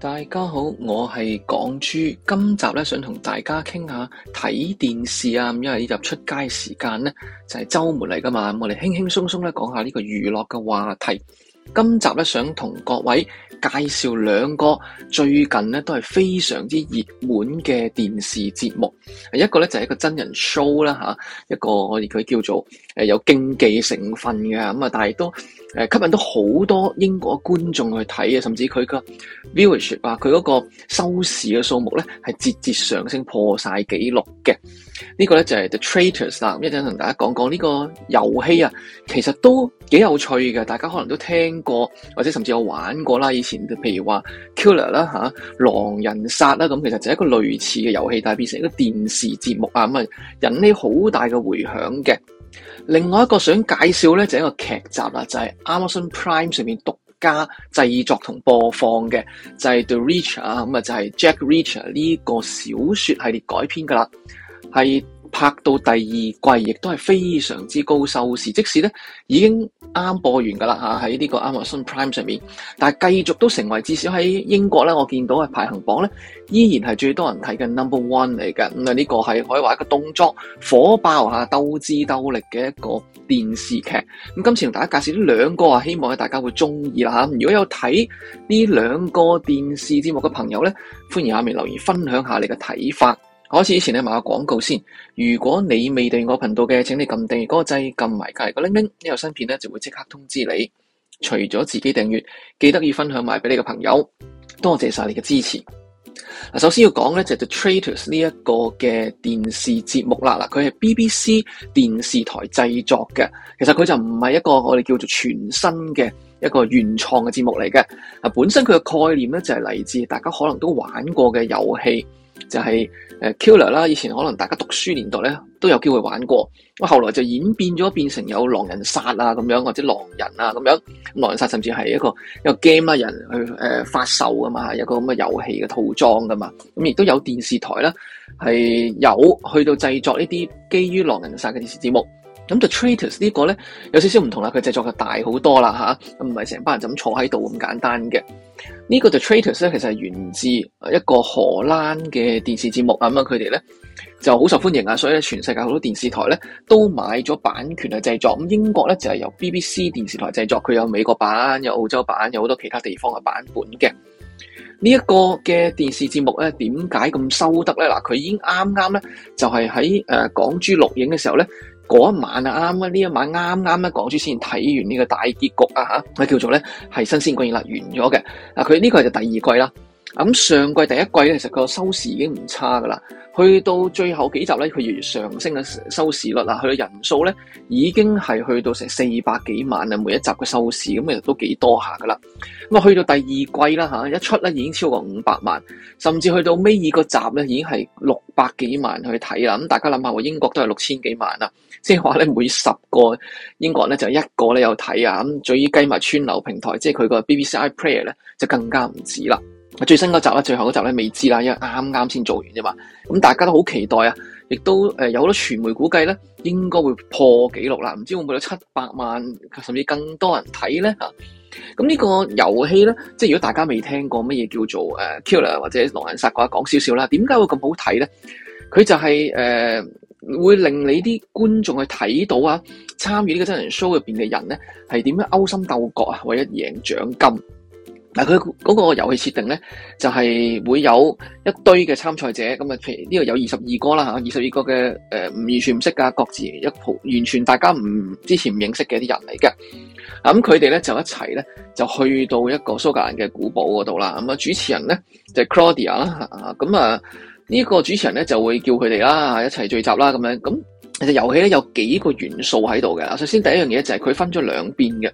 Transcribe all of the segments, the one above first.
大家好，我係港豬。今集咧想同大家傾下睇電視啊，因為呢集出街時間咧就係周末嚟噶嘛，我哋輕輕鬆鬆咧講下呢個娛樂嘅話題。今集咧想同各位介紹兩個最近咧都係非常之熱門嘅電視節目，一個咧就係一個真人 show 啦吓，一個我哋叫佢叫做。誒有競技成分嘅咁啊，但係都誒吸引到好多英國觀眾去睇啊，甚至佢個 viewership 啊，佢嗰個收視嘅數目咧係節節上升，破晒紀錄嘅。呢個咧就係 The Traitors 啦，一陣同大家講講呢個遊戲啊，其實都幾有趣嘅。大家可能都聽過或者甚至有玩過啦，以前譬如話 Killer 啦吓，狼人殺啦咁，其實就係一個類似嘅遊戲，但係變成一個電視節目啊，咁啊引起好大嘅迴響嘅。另外一個想介紹咧就係一個劇集啦，就係、是、Amazon Prime 上面獨家製作同播放嘅，就係、是、The Reacher 啊，咁啊就係 Jack Reacher 呢個小說系列改編噶啦，係。拍到第二季，亦都係非常之高收視。即使咧已經啱播完噶啦嚇，喺呢個 Amazon Prime 上面，但係繼續都成為至少喺英國咧，我見到嘅排行榜咧，依然係最多人睇嘅 Number One 嚟嘅。咁、嗯、啊，呢、這個係可以話一個動作火爆啊、鬥智鬥力嘅一個電視劇。咁、嗯、今次同大家介紹呢兩個啊，希望咧大家會中意啦嚇。如果有睇呢兩個電視節目嘅朋友咧，歡迎下面留言分享下你嘅睇法。好，開始以前，你賣下廣告先。如果你未訂我頻道嘅，請你撳訂閱嗰個掣，撳埋隔籬個鈴鈴，呢個新片咧就會即刻通知你。除咗自己訂閱，記得要分享埋俾你嘅朋友。多謝晒你嘅支持。嗱，首先要講咧就係 The Traitors 呢一個嘅電視節目啦。嗱，佢係 BBC 電視台製作嘅。其實佢就唔係一個我哋叫做全新嘅一個原創嘅節目嚟嘅。嗱，本身佢嘅概念咧就係嚟自大家可能都玩過嘅遊戲。就係 killer 啦，以前可能大家讀書年代咧都有機會玩過，後來就演變咗，變成有狼人殺啊咁樣或者狼人啊咁樣，狼人殺甚至係一個一個 game 啊人去誒發售噶嘛，有個咁嘅遊戲嘅套裝噶嘛。咁亦都有電視台咧係有去到製作呢啲基於狼人殺嘅電視節目。咁 The Traitors 呢個咧有少少唔同啦，佢製作就大好多啦吓，唔係成班人就咁坐喺度咁簡單嘅。呢、這個 The Traitors 咧其實係源自一個荷蘭嘅電視節目啊嘛，佢哋咧就好受歡迎啊，所以全世界好多電視台咧都買咗版權嚟製作。咁英國咧就係、是、由 BBC 電視台製作，佢有美國版、有澳洲版、有好多其他地方嘅版本嘅。呢、這、一個嘅電視節目咧點解咁收得咧？嗱、啊，佢已經啱啱咧就係、是、喺、呃、港豬錄影嘅時候咧。嗰一晚啊，啱啊！呢一晚啱啱咧講完先睇完呢個大結局啊，吓，叫做咧係新鮮貢獻辣完咗嘅。嗱、啊，佢、這、呢個就是第二季啦。咁上季第一季咧，其實個收視已經唔差噶啦。去到最後幾集咧，佢越嚟越上升嘅收視率啦，佢嘅人數咧已經係去到成四百幾萬啦。每一集嘅收視咁其實都幾多下噶啦。咁啊，去到第二季啦吓，一出咧已經超過五百萬，甚至去到尾二個集咧已經係六百幾萬去睇啦。咁大家諗下喎，英國都係六千幾萬啦，即係話咧每十個英國咧就一個咧有睇啊。咁至於計埋串流平台，即係佢個 BBC iPlayer 咧，就更加唔止啦。最新嗰集咧，最後嗰集咧，未知啦，因為啱啱先做完啫嘛。咁大家都好期待啊，亦都誒有好多傳媒估計咧，應該會破紀錄啦。唔知會唔會有七百萬甚至更多人睇咧嚇？咁呢個遊戲咧，即係如果大家未聽過乜嘢叫做誒《Killer》或者《狼人殺》嘅話，講少少啦。點解會咁好睇咧？佢就係、是、誒、呃、會令你啲觀眾去睇到啊，參與呢個真人 show 入邊嘅人咧，係點樣勾心鬥角啊，為咗贏獎金。嗱，佢嗰個遊戲設定咧，就係會有一堆嘅參賽者，咁啊，呢度有二十二個啦嚇，二十二個嘅誒，唔完全唔識㗎，各自一完全大家唔之前唔認識嘅啲人嚟嘅。咁，佢哋咧就一齊咧，就去到一個蘇格蘭嘅古堡嗰度啦。咁啊，主持人咧就係 Claudia 啦，咁啊，呢個主持人咧就會叫佢哋啦，一齊聚集啦咁樣。咁其實遊戲咧有幾個元素喺度嘅。首先第一樣嘢就係佢分咗兩邊嘅。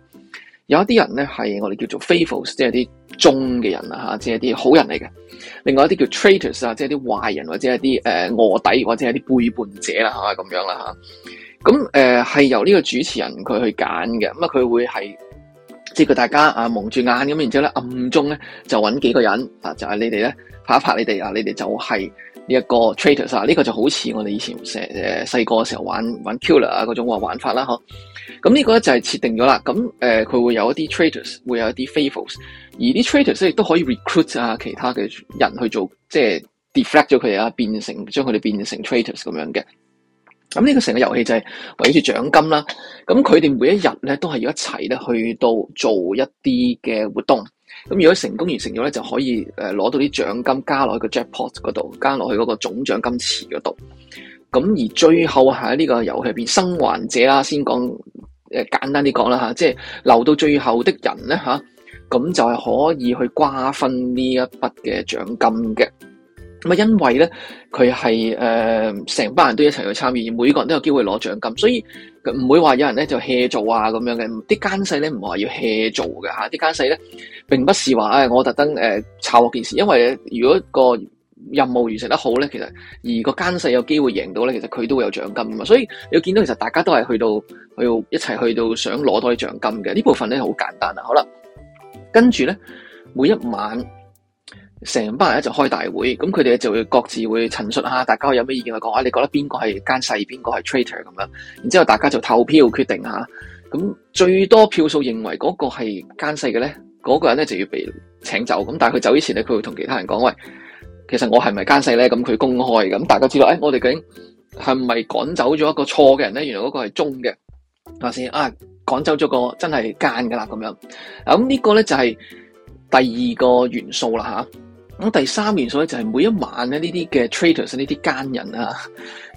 有一啲人咧係我哋叫做 faithful，即係啲忠嘅人啦吓，即係啲好人嚟嘅。另外一啲叫 traitors 啊，即係啲壞人或者係啲誒臥底或者係啲背叛者啦吓，咁樣啦吓。咁誒係由呢個主持人佢去揀嘅。咁啊佢會係即係大家啊蒙住眼咁，然之後咧暗中咧就揾幾個人啊，就係你哋咧拍一拍你哋啊，你哋就係。呢一個 traitors 啊，呢、這個就好似我哋以前誒細個嘅時候玩玩 killer 啊嗰種玩法啦，嗬、啊。咁呢個咧就係設定咗啦。咁誒佢會有一啲 traitors，會有一啲 faithfuls，而啲 traitors 亦都可以 recruit 啊其他嘅人去做，即、就、係、是、deflect 咗佢哋啊，變成將佢哋變成 traitors 咁樣嘅。咁呢個成個遊戲就係為住獎金啦。咁佢哋每一日咧都係要一齊咧去到做一啲嘅活動。咁如果成功完成咗咧，就可以誒攞到啲獎金加落去個 Jackpot 嗰度，加落去嗰個總獎金池嗰度。咁而最後喺呢個遊戲入邊生還者啊，先講誒簡單啲講啦嚇，即係留到最後的人咧嚇，咁就係可以去瓜分呢一筆嘅獎金嘅。咁啊，因為咧，佢係誒成班人都一齊去參與，每個人都有機會攞獎金，所以唔會話有人咧就卸做啊咁樣嘅。啲奸細咧唔係話要卸做嘅吓，啲、啊、奸細咧並不是話誒、哎、我特登誒炒嗰件事，因為如果個任務完成得好咧，其實而個奸細有機會贏到咧，其實佢都會有獎金嘛。所以你會見到其實大家都係去到去到一齊去到想攞多啲獎金嘅。呢部分咧好簡單啊，好啦，跟住咧每一晚。成班人一就開大會，咁佢哋就會各自會陳述下，大家有咩意見去講、啊、你覺得邊個係奸細，邊個係 traitor 咁樣？然之後大家就投票決定下，咁最多票數認為嗰個係奸細嘅咧，嗰、嗰個人咧就要被請走。咁但係佢走之前咧，佢會同其他人講：喂，其實我係唔係奸細咧？咁佢公開咁，大家知道。誒、哎，我哋究竟係唔係趕走咗一個錯嘅人咧？原來嗰個係中嘅。頭先啊，趕走咗個真係奸㗎啦，咁樣。咁呢個咧就係、係、第二個元素啦，嚇。咁第三元素咧就係每一晚咧呢啲嘅 traitors 呢啲奸人啊，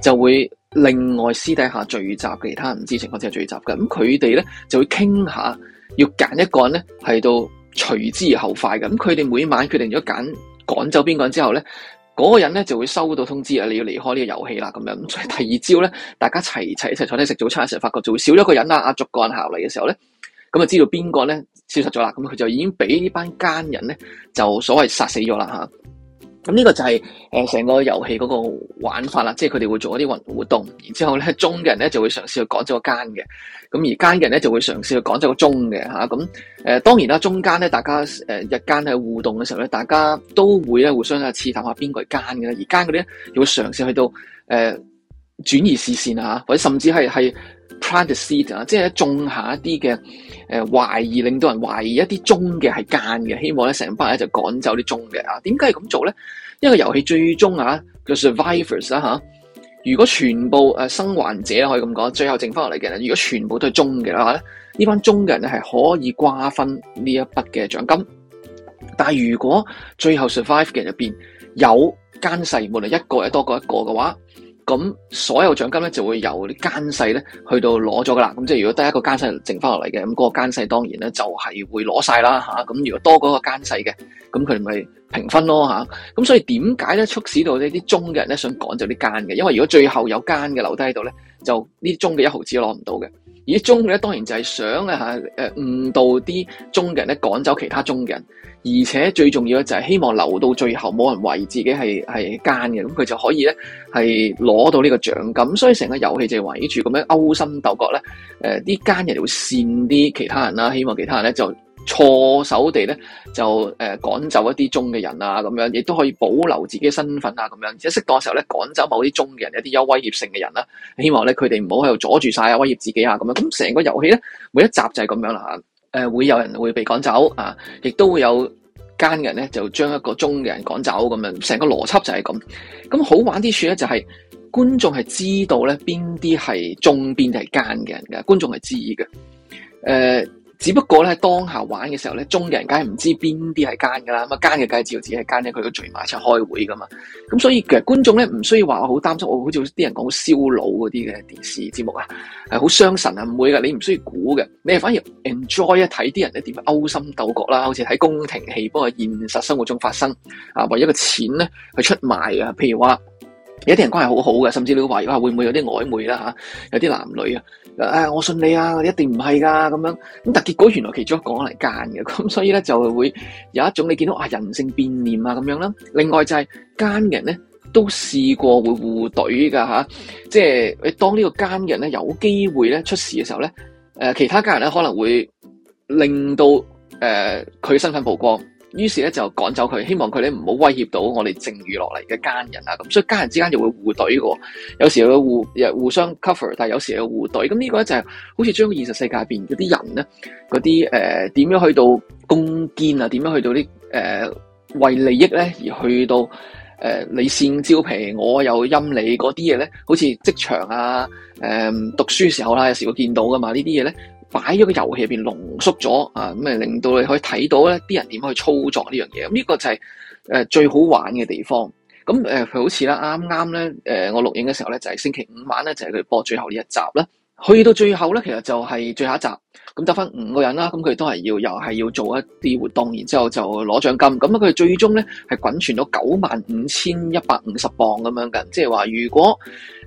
就會另外私底下聚集，其他人唔知情況之下聚集嘅。咁佢哋咧就會傾下，要揀一個人咧係到隨之而後快。咁佢哋每晚決定咗揀趕走邊個人之後咧，嗰個人咧就會收到通知啊，你要離開呢個遊戲啦咁樣。所以第二朝咧，大家齊齊一齊坐低食早餐嘅時候，發覺就會少咗個人啦，逐個人行嚟嘅時候咧。咁啊，就知道邊個咧消失咗啦？咁佢就已經俾呢班奸人咧，就所謂殺死咗啦吓。咁、啊、呢個就係誒成個遊戲嗰個玩法啦，即係佢哋會做一啲運活動，然之後咧，中嘅人咧就會嘗試去講咗個奸嘅，咁而奸嘅人咧就會嘗試去講咗個中嘅吓。咁、啊、誒、呃，當然啦，中間咧，大家誒、呃、日間嘅互動嘅時候咧，大家都會咧互相咧刺探下邊個係奸嘅啦。而奸嗰啲咧，又會嘗試去到誒轉、呃、移視線啊，或者甚至係係。practice 啊，seed，即係種下一啲嘅誒懷疑，令到人懷疑一啲忠嘅係奸嘅，希望咧成班人咧就趕走啲忠嘅啊！點解咁做咧？因為遊戲最終啊叫 survivors 啦、啊、嚇，如果全部誒、啊、生還者可以咁講，最後剩翻落嚟嘅人，如果全部都係忠嘅話咧，呢、啊、班忠嘅人咧係可以瓜分呢一筆嘅獎金。但係如果最後 survive 嘅人入邊有奸細，無論一個亦多過一個嘅話，咁所有獎金咧就會由啲奸細咧去到攞咗噶啦，咁即係如果得一個奸細剩翻落嚟嘅，咁嗰個奸細當然咧就係會攞晒啦吓，咁如果多嗰個奸細嘅，咁佢咪平分咯吓，咁所以點解咧促使到呢啲中嘅人咧想趕走啲奸嘅？因為如果最後有奸嘅留低喺度咧，就呢啲中嘅一毫子都攞唔到嘅。而中嘅咧當然就係想啊誒誤導啲中嘅人咧趕走其他中嘅人，而且最重要咧就係希望留到最後冇人為自己係係奸嘅，咁佢就可以咧係攞到呢個獎金。所以成個遊戲就係圍住咁樣勾心鬥角咧。呃、啲奸人就會煽啲其他人啦，希望其他人咧就。錯手地咧就誒、呃、趕走一啲忠嘅人啊，咁樣亦都可以保留自己身份啊，咁樣而且適當時候咧趕走某啲忠嘅人，一啲有威脅性嘅人啦、啊。希望咧佢哋唔好喺度阻住晒啊，威脅自己啊，咁樣。咁成個遊戲咧，每一集就係咁樣啦。誒、呃、會有人會被趕走啊，亦都會有奸嘅人咧就將一個忠嘅人趕走咁樣。成個邏輯就係咁。咁好玩啲處咧就係、是、觀眾係知道咧邊啲係忠邊啲係奸嘅人噶，觀眾係知嘅。誒、呃。只不過咧當下玩嘅時候咧，中嘅人梗係唔知邊啲係奸噶啦，咁啊奸嘅梗係知道自己係奸咧，佢都聚埋一齊開會噶嘛。咁所以其實觀眾咧唔需要話我好擔心，我好似啲人講好燒腦嗰啲嘅電視節目啊，係好傷神啊，唔會噶，你唔需要估嘅，你係反而 enjoy 一睇啲人咧點樣勾心鬥角啦，好似睇宮廷戲，不過現實生活中發生啊，為一個錢咧去出賣啊，譬如話有啲人關係好好嘅，甚至你懷疑會唔會有啲曖昧啦吓，有啲男女啊。誒、哎，我信你啊，你一定唔係噶，咁樣咁但結果原來其中一個係奸嘅，咁、嗯、所以咧就會有一種你見到啊人性變念啊咁樣啦。另外就係、是、奸人咧都試過會互隊噶吓，即係當呢個奸人咧有機會咧出事嘅時候咧，誒、呃、其他奸人咧可能會令到誒佢、呃、身份曝光。於是咧就趕走佢，希望佢咧唔好威脅到我哋剩餘落嚟嘅奸人啊，咁所以奸人之間又會互懟嘅，有時會互互相 cover，但有時又互懟，咁呢個就係、好似將現實世界入邊嗰啲人咧，嗰啲誒點樣去到攻堅啊，點樣去到啲誒、呃、為利益咧而去到誒、呃、你善招皮，我有陰你嗰啲嘢咧，好似職場啊，誒、呃、讀書時候啦、啊，有時會見到噶嘛，呢啲嘢咧。擺咗個遊戲入邊濃縮咗啊！咁啊，令到你可以睇到咧，啲人點樣去操作呢樣嘢。咁、嗯、呢、呢個就係、是、誒、呃、最好玩嘅地方。咁佢好似啦，啱啱咧誒，我錄影嘅時候咧，就係、是、星期五晚咧，就係、是、佢播最後呢一集啦。去到最後咧，其實就係最後一集。咁揀就翻五個人啦，咁佢都係要，又係要做一啲活動，然之後就攞獎金。咁啊，佢最終咧係滾存咗九萬五千一百五十磅咁樣嘅，即係話如果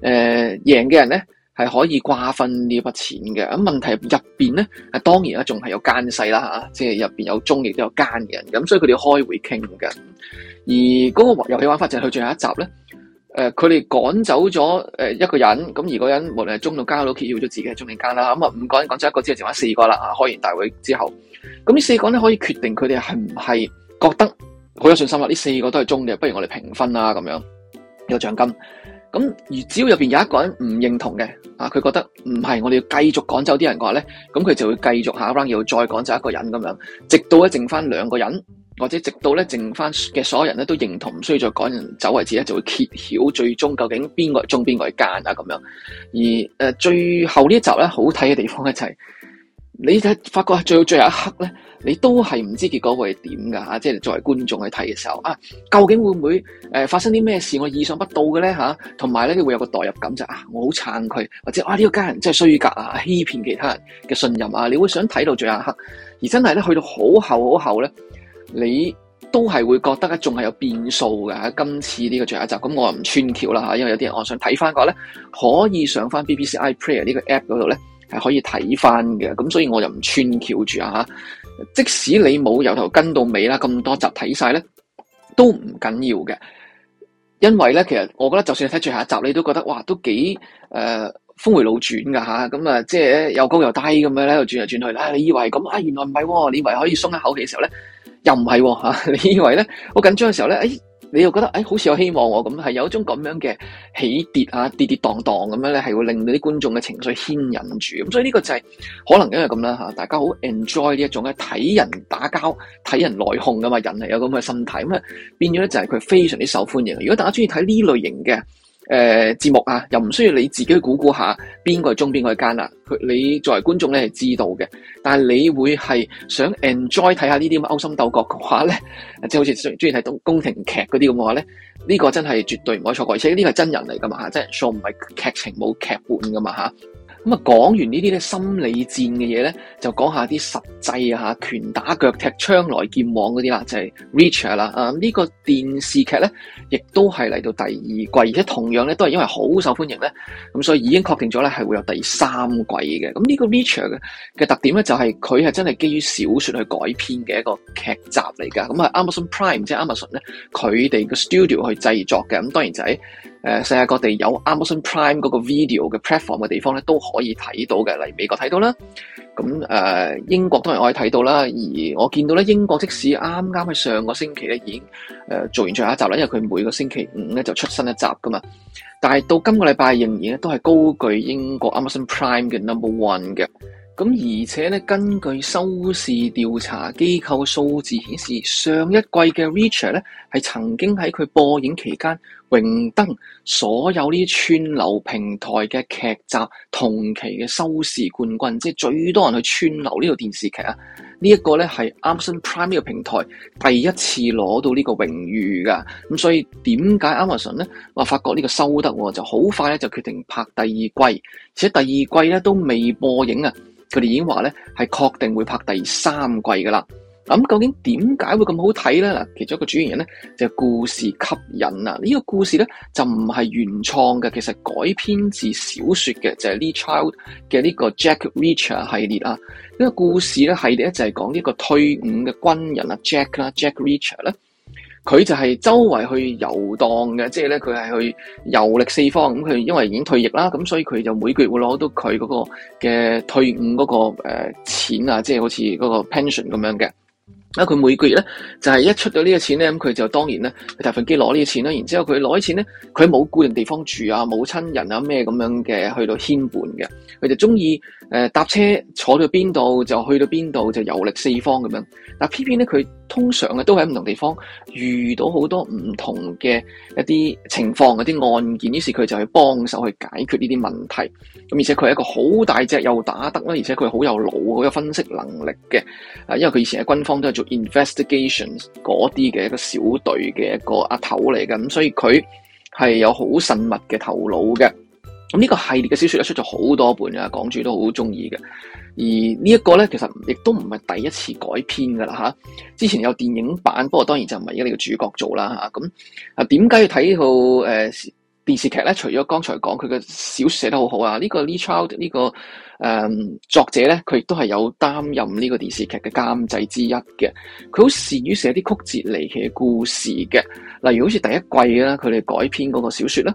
誒贏嘅人咧。係可以瓜分呢筆錢嘅，咁問題入邊咧，係當然啦，仲係有奸細啦吓，即係入邊有忠亦都有奸嘅人，咁所以佢哋要開會傾嘅。而嗰個遊戲玩法就係去最後一集咧，誒、呃，佢哋趕走咗誒一個人，咁而個人無論係忠定奸都揭要咗自己嘅，忠定奸啦，咁啊五個人趕走一個之後就剩翻四個啦，開完大會之後，咁呢四個咧可以決定佢哋係唔係覺得好有信心啦，呢四個都係忠嘅，不如我哋平分啦咁樣有、呢個獎金。咁而只要入邊有一個人唔認同嘅，啊佢覺得唔係，我哋要繼續趕走啲人嘅話咧，咁佢就會繼續下 round 要再趕走一個人咁樣，直到咧剩翻兩個人，或者直到咧剩翻嘅所有人咧都認同，唔需要再趕人走為止咧，就會揭曉最終究竟邊個係中，邊個係奸啊咁樣。而、呃、最後呢一集咧好睇嘅地方咧就係、是。你睇發覺最到最後一刻咧，你都係唔知結果會係點噶嚇，即係作為觀眾去睇嘅時候啊，究竟會唔會誒發生啲咩事？我意想不到嘅咧嚇，同埋咧會有個代入感就啊，我好撐佢，或者啊呢個家人真係衰格啊，欺騙其他人嘅信任啊，你會想睇到最後一刻，而真係咧去到好後好後咧，你都係會覺得咧仲係有變數㗎、啊。今次呢個最後一集，咁我唔串橋啦嚇，因為有啲人我想睇翻個呢，咧，可以上翻 BBC iPlayer 呢個 app 嗰度咧。係可以睇翻嘅，咁所以我就唔穿橋住啊！即使你冇由頭跟到尾啦，咁、啊、多集睇晒咧，都唔緊要嘅。因為咧，其實我覺得就算你睇最後一集，你都覺得哇，都幾誒峰、呃、回路轉噶吓，咁啊，嗯、即係又高又低咁樣喺度轉嚟轉去啦、啊。你以為係咁啊？原來唔係、啊，你以為可以鬆一口氣嘅時候咧，又唔係吓。你以為咧好緊張嘅時候咧，誒、哎。你又覺得，誒、哎，好似有希望喎，咁係有一種咁樣嘅起跌啊，跌跌蕩蕩咁樣咧，係會令到啲觀眾嘅情緒牽引住，咁所以呢個就係、是、可能因為咁啦，大家好 enjoy 呢一種咧，睇人打交，睇人內訌㗎嘛，人係有咁嘅心態，咁咧變咗咧就係佢非常之受歡迎。如果大家鍾意睇呢類型嘅。誒、呃，節目啊，又唔需要你自己去估估下邊個係忠邊個係奸啦。佢你作為觀眾咧係知道嘅，但係你會係想 enjoy 睇下呢啲咁嘅勾心鬥角嘅話咧，即係好似鍾鍾意睇東宮廷劇嗰啲咁嘅話咧，呢、呢個真係絕對唔可以錯過。而且呢個係真人嚟噶嘛，即係 show 唔係劇情冇劇本噶嘛吓。咁啊，講完呢啲咧心理戰嘅嘢咧，就講下啲實際啊拳打腳踢槍、槍來劍往嗰啲啦，就係、是《Reacher》啦啊！呢個電視劇咧，亦都係嚟到第二季，而且同樣咧都係因為好受歡迎咧，咁所以已經確定咗咧係會有第三季嘅。咁、這、呢個《Reacher》嘅嘅特點咧、就是，就係佢係真係基於小說去改編嘅一個劇集嚟㗎。咁啊，Amazon Prime 即係 Amazon 咧，佢哋嘅 studio 去製作嘅。咁當然就係、是。誒、呃，世界各地有 Amazon Prime 嗰個 video 嘅 platform 嘅地方咧，都可以睇到嘅，例如美國睇到啦，咁、嗯、誒、呃、英國當然可以睇到啦。而我見到咧，英國即使啱啱喺上個星期咧已經誒、呃、做完最後一集啦，因為佢每個星期五咧就出新一集噶嘛，但係到今個禮拜仍然咧都係高居英國 Amazon Prime 嘅 number one 嘅。咁而且咧，根據收視調查機構數字顯示，上一季嘅《Reacher》咧係曾經喺佢播映期間榮登所有呢串流平台嘅劇集同期嘅收視冠軍，即係最多人去串流呢個電視劇啊！呢一個咧係 Amazon Prime 呢個平台第一次攞到呢個榮譽噶。咁所以點解 Amazon 咧話發覺呢個收得喎，就好快咧就決定拍第二季，而且第二季咧都未播映啊！佢哋已經話咧係確定會拍第三季噶啦。咁究竟點解會咁好睇咧？嗱，其中一個主要原因咧就係故事吸引啊！呢、這個故事咧就唔係原創嘅，其實改編自小說嘅，就係、是、Lee Child 嘅呢個 Jack Reacher 系列啊。呢、這個故事咧系列咧就係講呢個退伍嘅軍人啊 Jack 啦 Jack Reacher 咧。佢就係周圍去遊蕩嘅，即係咧佢係去遊歷四方。咁佢因為已經退役啦，咁所以佢就每個月會攞到佢嗰個嘅退伍嗰個誒錢啊，即係好似嗰個 pension 咁樣嘅。啊，佢每個月咧就係、是、一出到呢個錢咧，咁佢就當然咧佢提款機攞呢個錢啦。然之後佢攞啲錢咧，佢冇固定地方住啊，冇親人啊咩咁樣嘅去到牽絆嘅。佢就中意誒搭車坐到邊度就去到邊度就遊歷四方咁樣。嗱，偏偏咧佢。通常啊，都喺唔同地方遇到好多唔同嘅一啲情況，一啲案件，於是佢就去幫手去解決呢啲問題，咁而且佢係一個好大隻又打得啦，而且佢好有腦，好有分析能力嘅。啊，因為佢以前喺軍方都係做 investigations 嗰啲嘅一,一個小隊嘅一個阿頭嚟嘅，咁所以佢係有好縝密嘅頭腦嘅。咁呢個系列嘅小說咧出咗好多本呀，港主都好中意嘅。而呢一個咧，其實亦都唔係第一次改編噶啦吓。之前有電影版，不過當然就唔係而家呢個主角做啦吓。咁啊，點解要睇呢套誒電視劇咧？除咗剛才講佢嘅小說寫得好好啊，呢個 Lee Child 呢個誒作者咧，佢亦都係有擔任呢個電視劇嘅監製之一嘅。佢好善於寫啲曲折離奇嘅故事嘅，例如好似第一季啦，佢哋改編嗰個小說呢。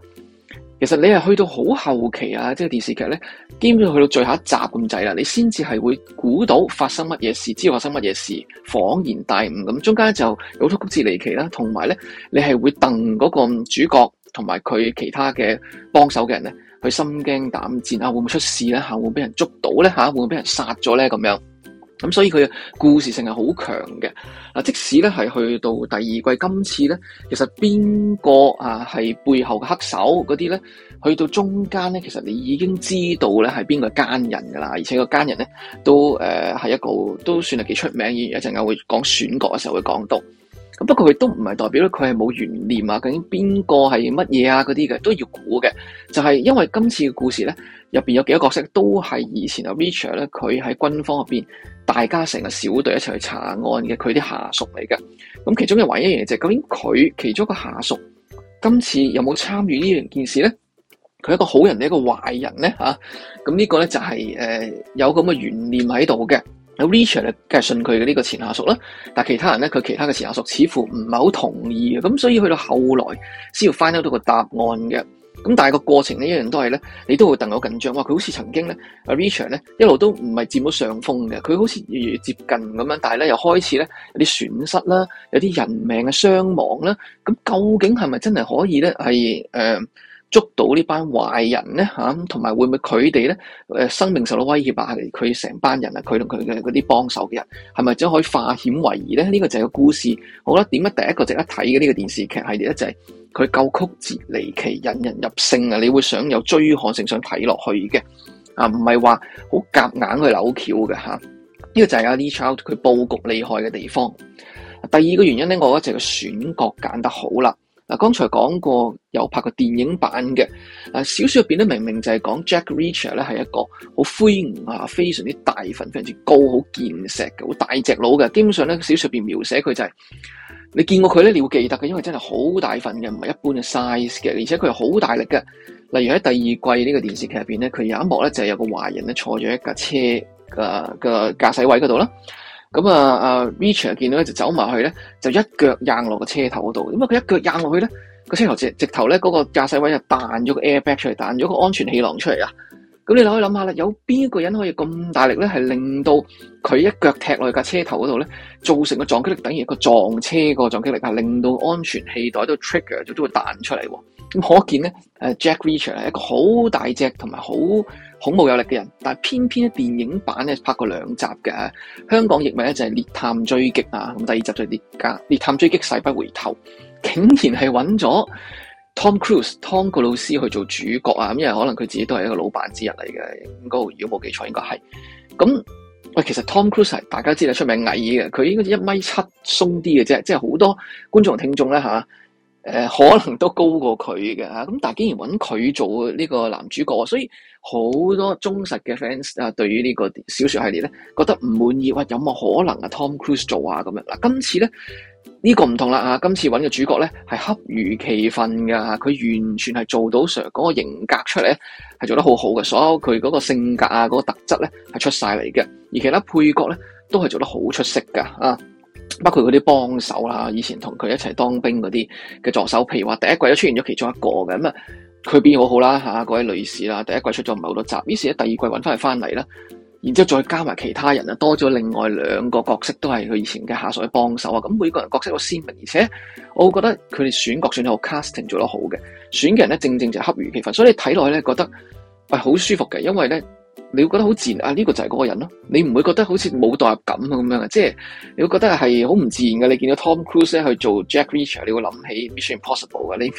其實你係去到好後期啊，即係電視劇咧，基本上去到最後一集咁滯啦，你先至係會估到發生乜嘢事，知道發生乜嘢事，恍然大悟咁。中間就有曲折離奇啦，同埋咧，你係會戥嗰個主角同埋佢其他嘅幫手嘅人咧，佢心驚膽戰啊，會唔會出事咧？吓、啊、會唔會俾人捉到咧？吓、啊、會唔會俾人殺咗咧？咁樣。咁所以佢嘅故事性係好強嘅，嗱即使咧係去到第二季今次咧，其實邊個啊係背後嘅黑手嗰啲咧，去到中間咧，其實你已經知道咧係邊個奸人㗎啦，而且個奸人咧都誒係一個都算係幾出名演員，一陣間會講選角嘅時候會講到。咁不過佢都唔係代表咧，佢係冇懸念啊！究竟邊個係乜嘢啊？嗰啲嘅都要估嘅。就係因為今次嘅故事咧，入邊有幾多角色都係以前阿 Reacher 咧，佢喺軍方入邊，大家成個小隊一齊去查案嘅，佢啲下屬嚟嘅。咁其中嘅唯一嘢就係究竟佢其中一個下屬，今次有冇參與呢樣件事咧？佢一個好人定一個壞人咧？吓！咁呢個咧就係誒有咁嘅懸念喺度嘅。有 Richard 咧，梗係信佢嘅呢個前下屬啦，但係其他人咧，佢其他嘅前下屬似乎唔係好同意嘅，咁所以去到後來先要 find out 到個答案嘅，咁但係個過程呢，一樣都係咧，你都會等我緊張，哇！佢好似曾經咧，Richard 咧一路都唔係佔到上風嘅，佢好似越，越接近咁樣，但係咧又開始咧有啲損失啦，有啲人命嘅傷亡啦，咁究竟係咪真係可以咧？係、呃、誒？捉到呢班壞人咧吓，同埋會唔會佢哋咧生命受到威脅啊？嚟佢成班人啊，佢同佢嘅嗰啲幫手嘅人，係咪真可以化險為夷咧？呢個就係個故事。好啦，點解第一個值得睇嘅呢個電視劇係咧，就係佢夠曲折離奇、引人入勝啊！你會想有追看性，想睇落去嘅啊，唔係話好夾硬去扭橋嘅吓。呢個就係阿 Lee Child 佢佈局厲害嘅地方。第二個原因咧，我覺得就係個選角揀得好啦。嗱，剛才講過有拍過電影版嘅。嗱，小説入邊咧明明就係講 Jack Reacher 咧係一個好魁梧啊，非常之大份，非常之高，好健碩嘅，好大隻佬嘅。基本上咧，小説入邊描寫佢就係、是、你見過佢咧，你會記得嘅，因為真係好大份嘅，唔係一般嘅 size 嘅，而且佢係好大力嘅。例如喺第二季呢個電視劇入面，咧，佢有一幕咧就係有個華人咧坐咗一架車嘅嘅駕駛位嗰度啦。咁啊啊，Reacher 見到咧就走埋去咧，就一腳掹落個車頭嗰度。咁啊，佢一腳掹落去咧，個車頭直直頭咧嗰個駕駛位就彈咗個 airbag 出嚟，彈咗個安全氣囊出嚟啊！咁你諗一諗下啦，有邊個人可以咁大力咧，係令到佢一腳踢落去架車頭嗰度咧，造成個撞擊力，等於一個撞車個撞擊力啊，令到安全氣袋都 trigger 咗，都會彈出嚟喎。咁可見咧，Jack Reacher 係一個好大隻同埋好恐怖有力嘅人，但係偏偏咧電影版咧拍過兩集嘅，香港譯名咧就係《烈探追擊》啊，咁第二集就係《烈家》，《烈探追擊》勢不回頭，竟然係揾咗 Tom Cruise 湯告魯斯去做主角啊！咁因為可能佢自己都係一個老闆之一嚟嘅，應該如果冇記錯應該係，咁喂，其實 Tom Cruise 大家知啊，出名矮嘅，佢應該一米七鬆啲嘅啫，即係好多觀眾聽眾咧吓。誒、呃、可能都高過佢嘅嚇，咁但係竟然揾佢做呢個男主角，所以好多忠實嘅 fans 啊，對於呢個小説系列咧覺得唔滿意，話有冇可能啊 Tom Cruise 做啊咁樣嗱，今次咧呢、這個唔同啦嚇，今次揾嘅主角咧係恰如其分㗎，佢完全係做到 Sir 嗰個型格出嚟咧係做得好好嘅，所有佢嗰個性格啊嗰、嗰個特質咧係出晒嚟嘅，而其他配角咧都係做得好出色㗎啊！包括嗰啲幫手啦，以前同佢一齊當兵嗰啲嘅助手，譬如話第一季都出現咗其中一個嘅，咁啊佢變好好啦吓，嗰位女士啦，第一季出咗唔係好多集，於是第二季揾翻嚟翻嚟啦，然之後再加埋其他人啊，多咗另外兩個角色都係佢以前嘅下屬嘅幫手啊，咁每個人角色個鮮明，而且我覺得佢哋選角選得好 casting 做得好嘅，選嘅人咧正正就恰如其分，所以睇落去，咧覺得係好舒服嘅，因為咧。你會覺得好自然啊，呢個就係嗰個人咯，你唔會覺得好似冇代入感咁樣，即係你會覺得係好唔自然㗎。你見到 Tom Cruise 去做 Jack Reacher，你會諗起 Mission Impossible 㗎。你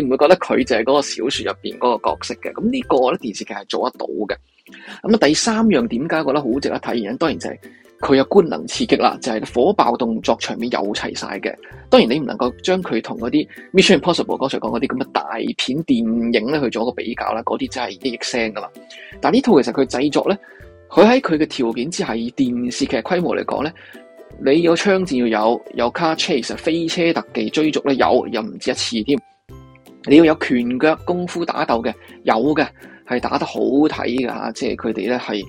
你唔會覺得佢就係嗰個小說入邊嗰個角色嘅？咁呢個咧電視劇係做得到嘅。咁啊第三樣點解覺得好值得睇嘅？當然就係、是。佢有官能刺激啦，就係火爆動作場面有齊晒嘅。當然你唔能夠將佢同嗰啲 Mission Impossible 剛才講嗰啲咁嘅大片電影咧去做一個比較啦，嗰啲真係一億聲噶嘛。但呢套其實佢製作咧，佢喺佢嘅條件之下，以電視劇規模嚟講咧，你要槍戰要有，有 car chase 飛車特技追逐咧有，又唔止一次添。你要有拳腳功夫打鬥嘅有嘅，係打得好睇噶吓，即係佢哋咧係。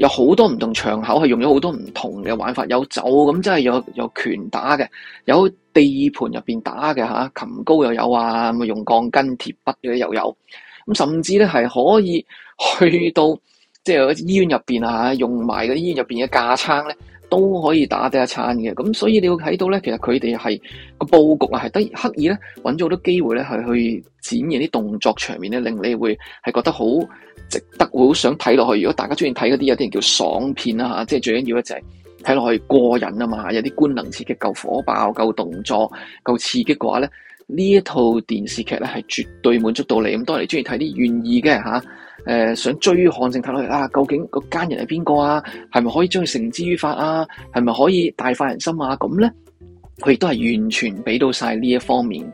有好多唔同場口係用咗好多唔同嘅玩法，有走咁，真係有有拳打嘅，有地盤入邊打嘅吓，擒高又有啊，咪用鋼筋鐵筆嘅又有，咁甚至咧係可以去到即係醫院入邊啊，用埋啲醫院入邊嘅架撐咧。都可以打得一餐嘅，咁所以你會睇到咧，其實佢哋係個布局啊，係得刻意咧，揾咗好多機會咧，係去展現啲動作場面咧，令你會係覺得好值得，會好想睇落去。如果大家中意睇嗰啲有啲人叫爽片啊，吓，即係最緊要就係睇落去過癮啊嘛。有啲官能刺激夠火爆，夠動作，夠刺激嘅話咧，呢一套電視劇咧係絕對滿足到你。咁當然中意睇啲懸疑嘅吓。啊誒、呃，想追睇落去啊？究竟個奸人係邊個啊？係咪可以將佢繩之於法啊？係咪可以大快人心啊？咁咧，佢亦都係完全俾到晒呢一方面，誒、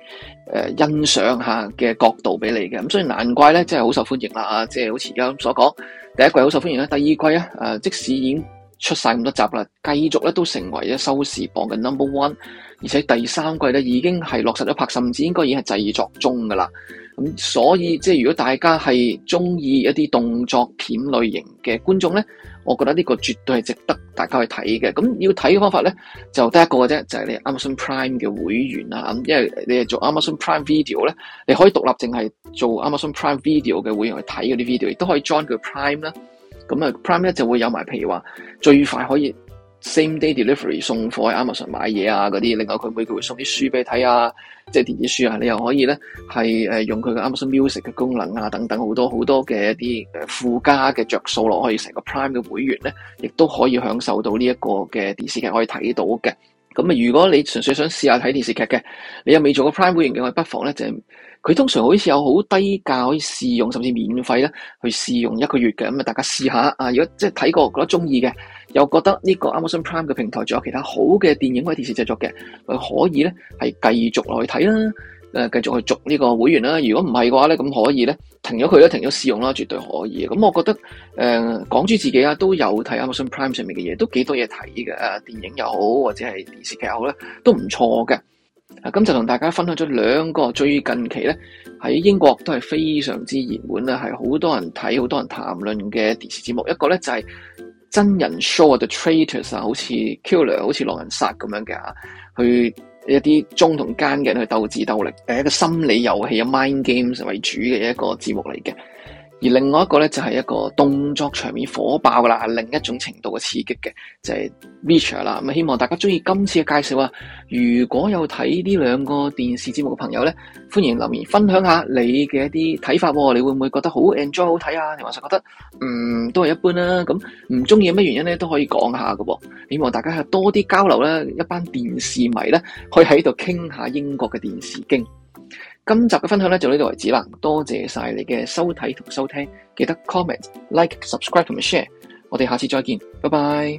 呃、欣賞下嘅角度俾你嘅。咁所以難怪咧，真係好受歡迎啦！啊，即係好似而家咁所講，第一季好受歡迎啦，第二季啊，誒、呃、即使已經，出晒咁多集啦，繼續咧都成為咗收視榜嘅 number one，而且第三季咧已經係落實咗拍，甚至應該已經係製作中噶啦。咁所以即係如果大家係中意一啲動作片類型嘅觀眾咧，我覺得呢個絕對係值得大家去睇嘅。咁要睇嘅方法咧就得一個嘅啫，就係你 Amazon Prime 嘅會員啦，咁因為你係做 Amazon Prime Video 咧，你可以獨立淨係做 Amazon Prime Video 嘅會員去睇嗰啲 video，亦都可以 join 佢 prime 啦。咁啊，Prime 咧就會有埋，譬如話最快可以 Same Day Delivery 送貨，喺 Amazon 買嘢啊嗰啲，另外佢每個月送啲書俾你睇啊，即係電子書啊，你又可以咧係用佢嘅 Amazon Music 嘅功能啊，等等多多好多好多嘅一啲附加嘅著數落可以成個 Prime 嘅會員咧，亦都可以享受到呢一個嘅電視劇可以睇到嘅。咁啊，如果你純粹想試下睇電視劇嘅，你又未做過 Prime 會員嘅，我不妨咧就係。佢通常好似有好低價可以試用，甚至免費咧去試用一個月嘅，咁啊大家試下啊！如果即係睇過覺得中意嘅，又覺得呢個 Amazon Prime 嘅平台仲有其他好嘅電影或者電視製作嘅，佢可以咧係繼續落去睇啦，誒、啊、繼續去續呢個會員啦。如果唔係嘅話咧，咁可以咧停咗佢咧，停咗試用啦，絕對可以咁、嗯、我覺得誒，講、呃、豬自己啊都有睇 Amazon Prime 上面嘅嘢，都幾多嘢睇嘅，電影又好或者係電視劇又好咧，都唔錯嘅。啊，咁就同大家分享咗兩個最近期咧喺英國都係非常之熱門啦，係好多人睇，好多人談論嘅電視節目。一個咧就係、是、真人 show 啊，The Traitors 啊，好似 Killer，好似狼人殺咁樣嘅啊，去一啲忠同奸嘅人去鬥智鬥力，誒，一個心理遊戲啊，Mind Games 為主嘅一個節目嚟嘅。而另外一個咧，就係一個動作場面火爆噶啦，另一種程度嘅刺激嘅，就係《Reacher》啦。咁希望大家中意今次嘅介紹啊。如果有睇呢兩個電視節目嘅朋友咧，歡迎留言分享下你嘅一啲睇法。你會唔會覺得好 enjoy 好睇啊？你還是覺得嗯都係一般啦，啊？咁唔中意咩原因咧都可以講下噶。希望大家多啲交流啦，一班電視迷咧可以喺度傾下英國嘅電視經。今集嘅分享呢就呢度為止啦，多謝晒你嘅收睇同收聽，記得 comment、like、like、subscribe 同 share，我哋下次再見，拜拜。